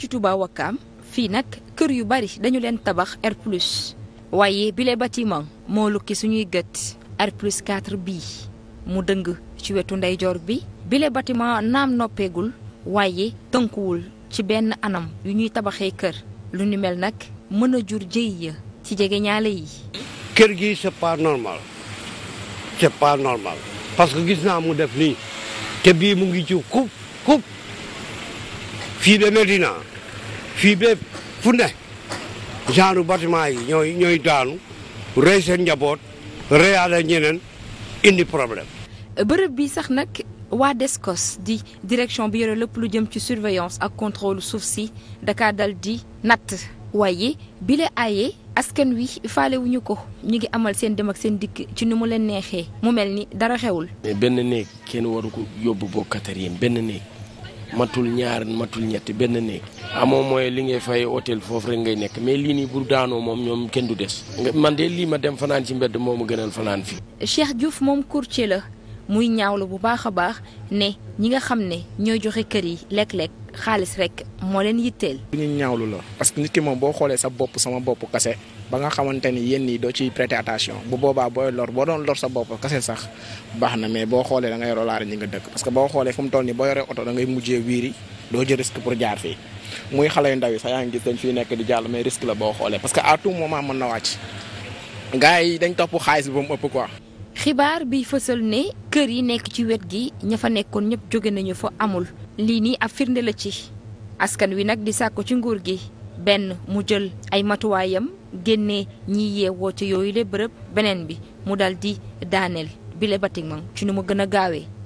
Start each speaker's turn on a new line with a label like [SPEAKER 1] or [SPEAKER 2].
[SPEAKER 1] ci Touba Wakam fii nag kër yu bari dañu leen tabax R plus waaye bile bâtiment moo lukki suñuy gët R plus 4 bii mu dëng ci wetu ndeyjoor bi bile batiment naam noppeegul waaye tënkuwul ci benn anam yu ñuy tabaxee kër lu ni mel nag mën a jur jëy ci jege ñaale yi.
[SPEAKER 2] kër gi c'est pas normal c'est pas normal parce que gis naa mu def nii te bii mu ngi ci kub kub. fii ba Medina fii ba fu ne genre bâtiment yi ñooy ñooy daanu rey seen njaboot reyaale ñeneen indi problème.
[SPEAKER 1] bërëb bi sax nag waa DESCOS di direction bi yore lëpp lu jëm ci surveillance ak controlu suuf si Dakar dal di natt waaye bi la aaye askan wi faalewuñu ko ñu ngi amal seen dem ak seen dikk ci ni mu leen neexee mu mel ni dara xewul.
[SPEAKER 3] mais benn néeg kenn waru ko yóbbu bokkatar yéen benn néeg. matul ñaar matul ñetti benn néeg amoo ah, mooy li ngay fay hôtel foofu rek ngay nekk mais lii nii bu daanoo moom ñoom kenn du des man de lii ma dem fanaan ci mbedd moo ma gënal fanaan fii.
[SPEAKER 1] Cheikh Diouf moom courtier la. muy ñaawlu bu baax a baax ne ñi nga xam ne ñooy joxe kër yi lekk-lekk xaalis rek moo leen yitteel.
[SPEAKER 4] lu ñu ñaawlu la parce que nit ki moom boo xoolee sa bopp sama bopp kase ba nga xamante ni yéen ñii doo ciy prêter bu boobaa booy lor boo doon lor sa bopp kase sax baax na mais boo xoolee da ngay rolaare ñi nga dëkk parce que boo xoolee fu mu toll nii boo yoree oto da ngay mujjee wiiri doo jël risque pour jaar fii muy xale yu ndaw yi sax yaa ngi dañ fiy nekk di jàll mais risque la boo xoolee parce que à tout moment mën na wàcc gars yi dañ topp xaalis bi ba mu
[SPEAKER 1] xibaar biy fësal ne kër yi nekk ci wet gi ña fa nekkoon ñëpp jóge nañu fa amul lii nii ab firnde la ci askan wi nag di sàkku ci nguur gi benn mu jël ay matuwaayam génne ñi yeewoo ca yooyu le bërëb beneen bi mu daldi di daaneel bile bâtiment ci nu ma gën a gaawee